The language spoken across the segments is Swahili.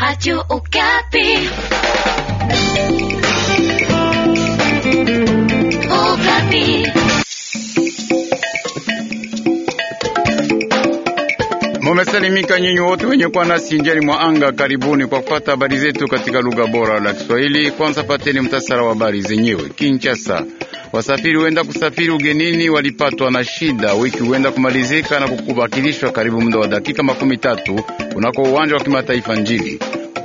Radio Okapi. Okapi. Mumesalimika nyinyi wote wenye kuwa nasi njiani mwa anga, karibuni kwa kupata habari zetu katika lugha bora la Kiswahili. Kwanza pateni mtasara wa habari zenyewe. Kinshasa, wasafiri huenda kusafiri ugenini walipatwa na shida, wiki huenda kumalizika na kukubakilishwa karibu muda wa dakika makumi tatu kunako uwanja wa kimataifa Njili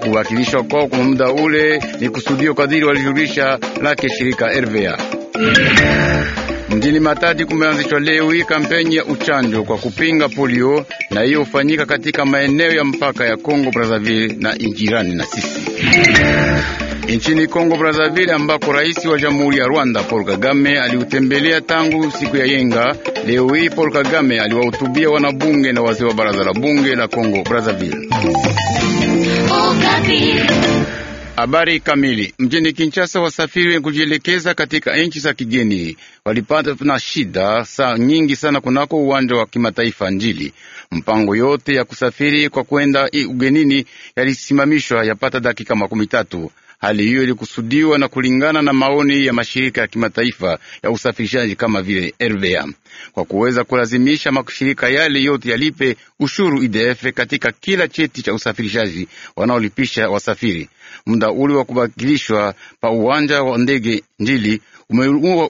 kuwakilishwa kwao kwa muda ule ni kusudio kadiri walijulisha lake shirika RVA. Mjini Matadi kumeanzishwa leo hii kampeni ya uchanjo kwa kupinga polio, na hiyo hufanyika katika maeneo ya mpaka ya Kongo Brazzaville na injirani na sisi nchini Kongo Brazzaville, ambako rais wa jamhuri ya Rwanda Paul Kagame aliutembelea tangu siku ya yenga. Leo hii Paul Kagame aliwahutubia wanabunge na wazee wa baraza la bunge la Kongo Brazzaville. Habari kamili. Mjini Kinshasa, wasafiri kujielekeza katika nchi za kigeni walipata na shida saa nyingi sana kunako uwanja wa kimataifa Njili. Mpango yote ya kusafiri kwa kwenda ugenini yalisimamishwa yapata dakika makumi tatu. Hali hiyo ilikusudiwa na kulingana na maoni ya mashirika ya kimataifa ya usafirishaji kama vile RVA kwa kuweza kulazimisha mashirika yale yote yalipe ushuru IDF katika kila cheti cha usafirishaji wanaolipisha wasafiri. Muda ule wa kubakilishwa pa uwanja wa ndege Njili ume,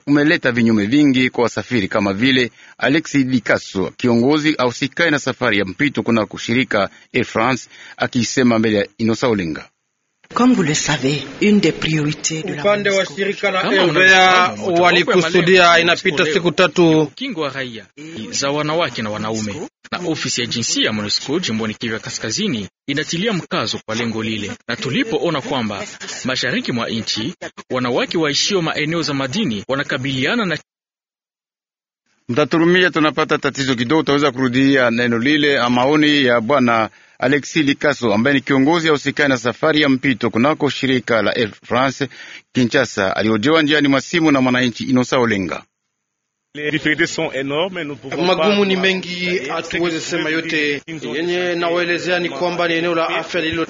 umeleta vinyume vingi kwa wasafiri kama vile Alexi dicaso kiongozi ausikae na safari ya mpito kuna kushirika Air France, akiisema mbele ya Inosaulinga. Comme vous le savez, une des priorités de upande wa shirika la Elvea walikusudia, inapita siku tatu, kingo wa raia za wanawake na wanaume na ofisi ya jinsia ya MONUSCO jimboni Kivu Kaskazini inatilia mkazo kwa lengo lile, na tulipoona kwamba mashariki mwa nchi wanawake waishio maeneo za madini wanakabiliana na mtaturumia, tunapata tatizo kidogo, utaweza kurudia neno lile, amaoni ya bwana alexi Likaso ambaye ni kiongozi usikani na safari ya mpito kunako shirika la Air France Kinshasa aliojewa njiani mwa simu na mwananchi Inosa Olenga. Magumu ni mengi, hatuweze sema yote. Yenye nawaelezea ni kwamba ni eneo la afya lililo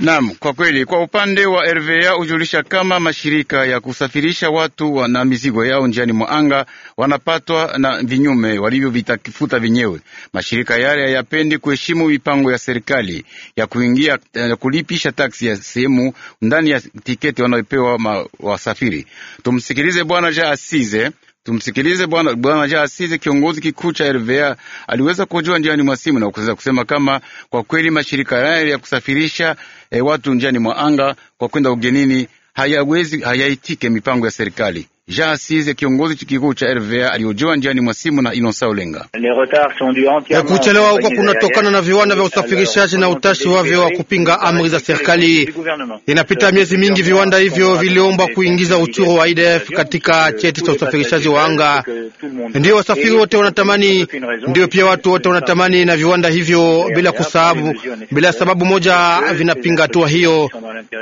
Naam, kwa kweli, kwa upande wa RVA ujulisha kama mashirika ya kusafirisha watu na mizigo yao njiani mwa anga wanapatwa na vinyume walivyovitafuta vinyewe Mashirika yale hayapendi kuheshimu mipango ya serikali ya kuingia ya eh, kulipisha taksi ya sehemu ndani ya tiketi wanayopewa wasafiri. Tumsikilize Bwana Ja Asize Tumsikilize bwana bwana ja Asize, kiongozi kikuu cha RVA, aliweza kujua njiani mwa simu na kuweza kusema kama kwa kweli mashirika yayo ya kusafirisha eh, watu njiani mwa anga kwa kwenda ugenini hayawezi hayaitike mipango ya serikali. Jean Assise, kiongozi kikuu cha RVA, alihojiwa njiani mwa simu na Inosa Olenga. Kuchelewa huko kunatokana na viwanda vya usafirishaji na utashi wavyo wa kupinga amri za serikali. Inapita euh, miezi mingi, viwanda hivyo viliomba kuingiza uchuro wa IDF katika euh, cheti cha usafirishaji wa anga. ndio wasafiri wote wanatamani, ndio pia watu wote wanatamani, na viwanda hivyo bila kusababu bila sababu moja vinapinga hatua hiyo.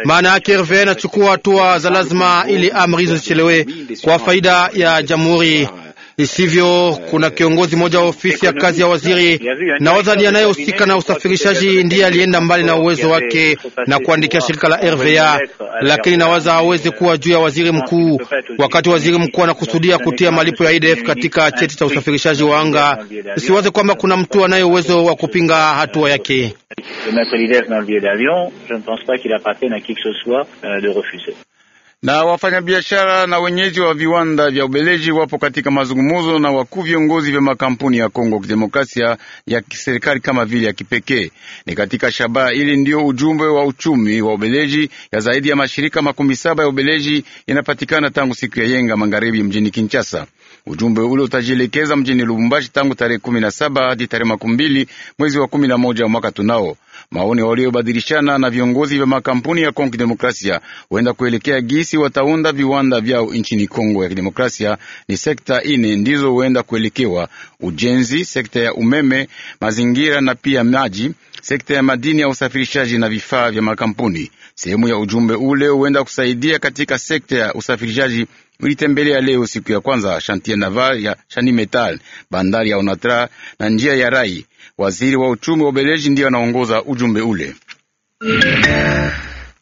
Maana yake RVA inachukua hatua za lazima ili amri hizo zichelewe kwa faida ya jamhuri. Isivyo, kuna kiongozi mmoja wa ofisi ya kazi ya waziri na wazani anayehusika na usafirishaji ndiye alienda mbali na uwezo wake na kuandikia shirika la RVA, lakini nawaza hawezi kuwa juu ya waziri mkuu, wakati waziri mkuu anakusudia kutia malipo ya IDF katika cheti cha usafirishaji wa anga. Siwaze kwamba kuna mtu anaye uwezo wa kupinga hatua yake. Na wafanyabiashara na wenyeji wa viwanda vya Ubeleji wapo katika mazungumzo na wakuu viongozi vya makampuni ya Kongo Kidemokrasia ya kiserikali kama vile ya kipekee. Ni katika shabaha ili ndio ujumbe wa uchumi wa Ubeleji ya zaidi ya mashirika makumi saba ya Ubeleji inapatikana tangu siku ya Yenga magharibi mjini Kinshasa. Ujumbe ule utajielekeza mjini Lubumbashi tangu tarehe kumi na saba hadi tarehe makumi mwezi wa 11 mwaka tunao Maoni waliobadilishana na viongozi vya makampuni ya Kongo Kidemokrasia huenda kuelekea gisi wataunda viwanda vyao nchini Kongo ya Kidemokrasia. Ni sekta ine ndizo huenda kuelekewa: ujenzi, sekta ya umeme, mazingira na pia maji, sekta ya madini ya usafirishaji na vifaa vya makampuni. Sehemu ya ujumbe ule huenda kusaidia katika sekta ya usafirishaji ulitembelea leo siku ya kwanza chantier naval ya Shani Metal, bandari ya Onatra na njia ya rai Waziri wa uchumi wa Ubeleji ndiye anaongoza ujumbe ule.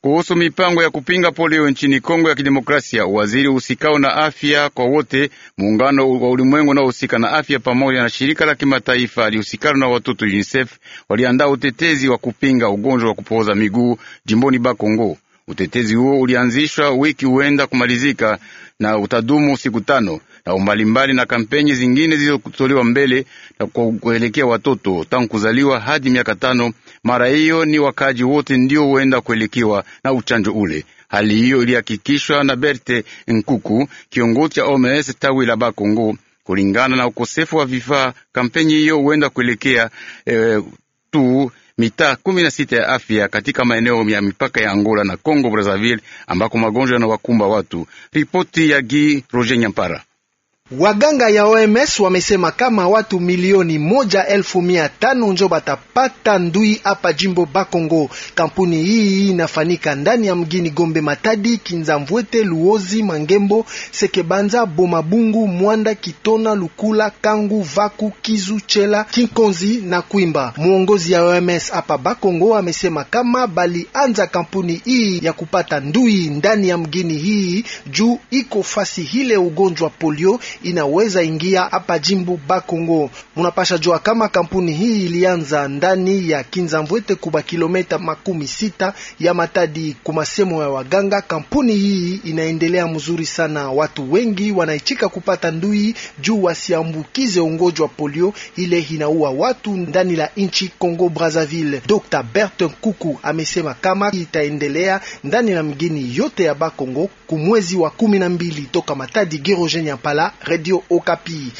Kuhusu mipango ya kupinga polio nchini Kongo ya Kidemokrasia, waziri usikao na afya kwa wote, muungano wa ulimwengu unaohusika na afya pamoja na shirika la kimataifa alihusikana na watoto UNICEF waliandaa utetezi wa kupinga ugonjwa wa kupooza miguu jimboni Bakongo. Utetezi huo ulianzishwa wiki huenda kumalizika na utadumu siku tano na umbalimbali na kampeni zingine zilizotolewa mbele na kuelekea watoto tangu kuzaliwa hadi miaka tano. Mara hiyo ni wakaji wote ndio huenda kuelekewa na uchanjo ule. Hali hiyo ilihakikishwa na Berte Nkuku, kiongozi cha OMS tawi la Bakongo. Kulingana na ukosefu wa vifaa, kampeni hiyo huenda kuelekea e, tu mitaa kumi na sita ya afya katika maeneo ya mipaka ya Angola na Congo Brazzaville ambako magonjwa yanawakumba watu. Ripoti ya Gi Roger Nyampara. Waganga ya OMS wamesema kama watu milioni moja elfu mia tano njo batapata ndui hapa jimbo Bakongo. Kampuni hii inafanika ndani ya mgini Gombe, Matadi, Kinzamvwete, Luozi, Mangembo, Sekebanza, Bomabungu, Mwanda, Kitona, Lukula, Kangu, Vaku, Kizu, Chela, Kinkonzi na Kwimba. Mwongozi ya OMS hapa Bakongo amesema kama balianza kampuni hii ya kupata ndui ndani ya mgini hii juu iko fasi hile ugonjwa polio inaweza ingia hapa jimbo Bakongo. Munapasha jua kama kampuni hii ilianza ndani ya Kinzamvwete kuba kilomita makumi sita ya Matadi. Kumasemo ya waganga, kampuni hii inaendelea mzuri sana. Watu wengi wanaichika kupata ndui juu wasiambukize ugonjwa polio, ile inaua watu ndani la nchi Kongo Brazzaville. Dr. Bertin Kuku amesema kama itaendelea ndani na mgini yote ya Bakongo kumwezi wa kumi na mbili toka Matadi. Gerogenia Pala, Radio Okapi.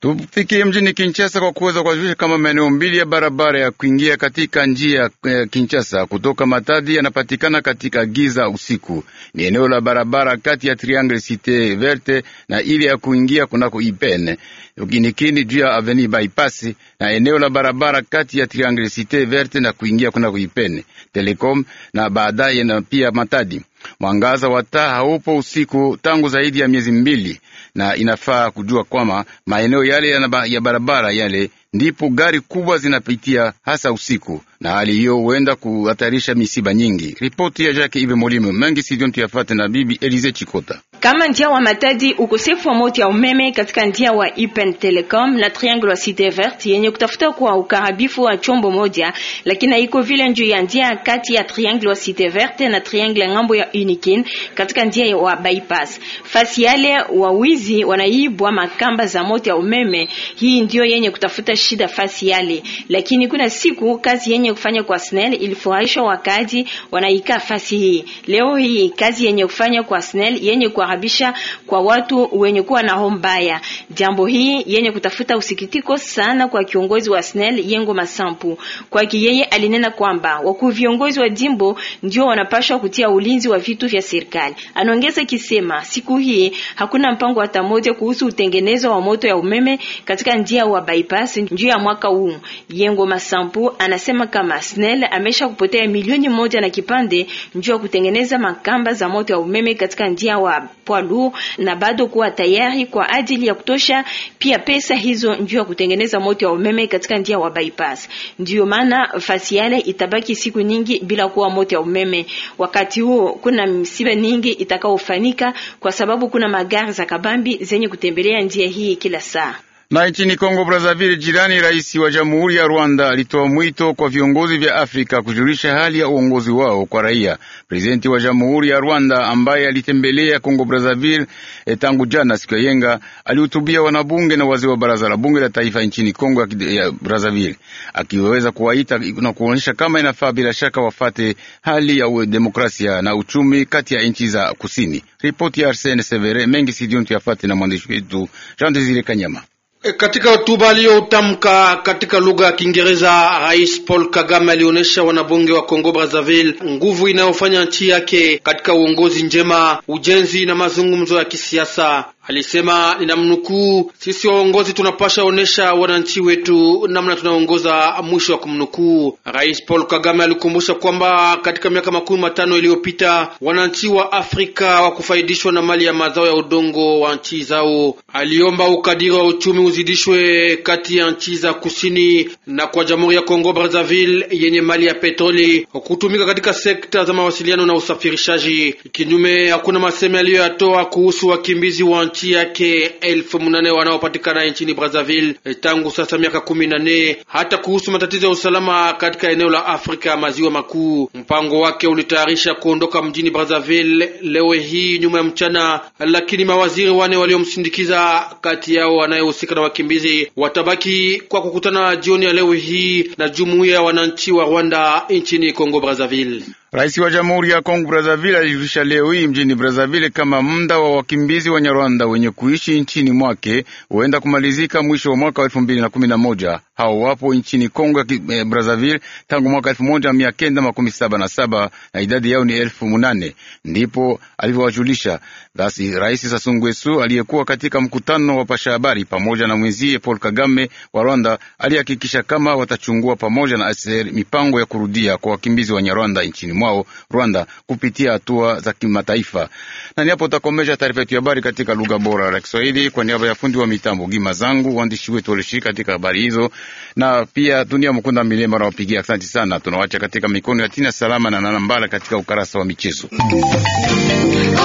Tufikie mjini Kinshasa kwa kuweza kuwajulisha kama maeneo mbili ya barabara ya kuingia katika njia ya eh, Kinshasa kutoka Matadi yanapatikana katika giza usiku. Ni eneo la barabara kati ya Triangle Cite Verte na ile ya kuingia kunako Ipene ukinikini juu ya Aveni Baipasi na eneo la barabara kati ya Triangle Cite Verte na kuingia kunako Ipene Telecom na baadaye na pia Matadi Mwangaza wa taa haupo usiku tangu zaidi ya miezi mbili, na inafaa kujua kwamba maeneo yale ya barabara yale ndipo gari kubwa zinapitia hasa usiku, na hali hiyo huenda kuhatarisha misiba nyingi. Ripoti ya Jacques Ive molimo mengi sidontu yafate na bibi Elize Chikota kama njia wa Matadi, ukosefu wa moto ya umeme katika njia wa Ipen Telecom na Triangle wa Cité Verte yenye kutafuta kwa ukarabifu wa chombo moja, lakini haiko vile njuu ya njia kati ya Triangle wa Cité Verte na Triangle ya ngambo ya Unikin katika njia wa bypass. Fasi yale wawizi wanaibwa makamba za moto ya umeme, hii ndio yenye kutafuta shida fasi yale. Lakini kuna siku kazi yenye kufanya kwa SNEL ilifurahisha wakaji wanaika fasi hii. Leo hii kazi yenye kufanya kwa SNEL yenye kwa kusababisha kwa watu wenye kuwa na homa mbaya, jambo hii yenye kutafuta usikitiko sana kwa kiongozi wa SNEL Yengo Masampu. Kwake yeye alinena kwamba wakuu viongozi wa jimbo ndio wanapaswa kutia ulinzi wa vitu vya serikali. Anaongeza kisema siku hii hakuna mpango hata moja kuhusu utengenezo wa moto ya umeme katika njia wa bypass njia ya mwaka huu. Yengo Masampu anasema kama SNEL amesha kupotea milioni moja na kipande njuu kutengeneza makamba za moto ya umeme katika njia wa lourd na bado kuwa tayari kwa ajili ya kutosha. Pia pesa hizo ndio ya kutengeneza moto wa umeme katika njia wa bypass. Ndio maana fasi yale itabaki siku nyingi bila kuwa moto wa umeme. Wakati huo kuna misiba nyingi itakaofanyika kwa sababu kuna magari za kabambi zenye kutembelea njia hii kila saa. Na nchini Kongo Brazzaville jirani, rais wa jamhuri ya Rwanda alitoa mwito kwa viongozi vya Afrika kujulisha hali ya uongozi wao kwa raia. Prezidenti wa jamhuri ya Rwanda ambaye alitembelea Kongo Brazzaville eh, tangu jana siku ya Yenga alihutubia wanabunge na wazee wa baraza la bunge la taifa nchini Kongo ya Brazzaville, akiweza kuwaita na kuonyesha kama inafaa bila shaka wafate hali ya demokrasia na uchumi kati ya nchi za kusini. Ripoti ya Arsene Severe mengi sidiontu yafate na mwandishi wetu Jean Desire Kanyama. E, katika hotuba aliyoutamka katika lugha ya Kiingereza, Rais Paul Kagame alionyesha wanabunge wa Kongo Brazzaville nguvu inayofanya nchi yake katika uongozi njema, ujenzi na mazungumzo ya kisiasa. Alisema ninamnukuu, sisi waongozi tunapasha onesha wananchi wetu namna tunaongoza, mwisho wa kumnukuu. Rais Paul Kagame alikumbusha kwamba katika miaka makumi matano iliyopita wananchi wa Afrika wa kufaidishwa na mali ya mazao ya udongo wa nchi zao. Aliomba ukadiri wa uchumi uzidishwe kati ya nchi za kusini na kwa Jamhuri ya Kongo Brazzaville yenye mali ya petroli kutumika katika sekta za mawasiliano na usafirishaji. Kinyume hakuna maseme aliyoyatoa kuhusu wakimbizi wa nchi yake elfu munane wanaopatikana nchini Brazzaville eh, tangu sasa miaka kumi na nne, hata kuhusu matatizo ya usalama katika eneo la Afrika maziwa makuu. Mpango wake ulitayarisha kuondoka mjini Brazzaville leo hii nyuma ya mchana, lakini mawaziri wane waliomsindikiza kati yao wanayehusika na wakimbizi watabaki kwa kukutana jioni ya leo hii na jumuiya ya wananchi wa Rwanda nchini Kongo Brazzaville. Rais wa Jamhuri ya Kongo Brazzaville alijulisha leo hii mjini Brazzaville kama muda wa wakimbizi wa Nyarwanda wenye kuishi nchini mwake huenda kumalizika mwisho wa mwaka wa elfu mbili na kumi na moja hao wapo nchini Kongo ya eh, Brazzaville tangu mwaka elfu moja mia kenda makumi saba na saba na idadi yao ni elfu munane ndipo alivyowajulisha basi Rais Sasungwesu aliyekuwa katika mkutano wa pasha habari pamoja na mwenzie Paul Kagame wa Rwanda alihakikisha kama watachungua pamoja na ASR mipango ya kurudia kwa wakimbizi wa Nyarwanda nchini mwao Rwanda kupitia hatua za kimataifa. Na ni hapo utakomesha taarifa yetu ya habari katika lugha bora la Kiswahili. Kwa niaba ya fundi wa mitambo Gima Zangu, waandishi wetu walishiriki katika habari hizo na pia dunia mkunda milima nawapigia asante sana. Tunawacha katika mikono ya Tina Salama na Nana Mbala katika ukarasa wa michezo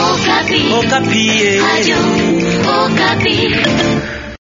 Okapi. Okapi. Eh.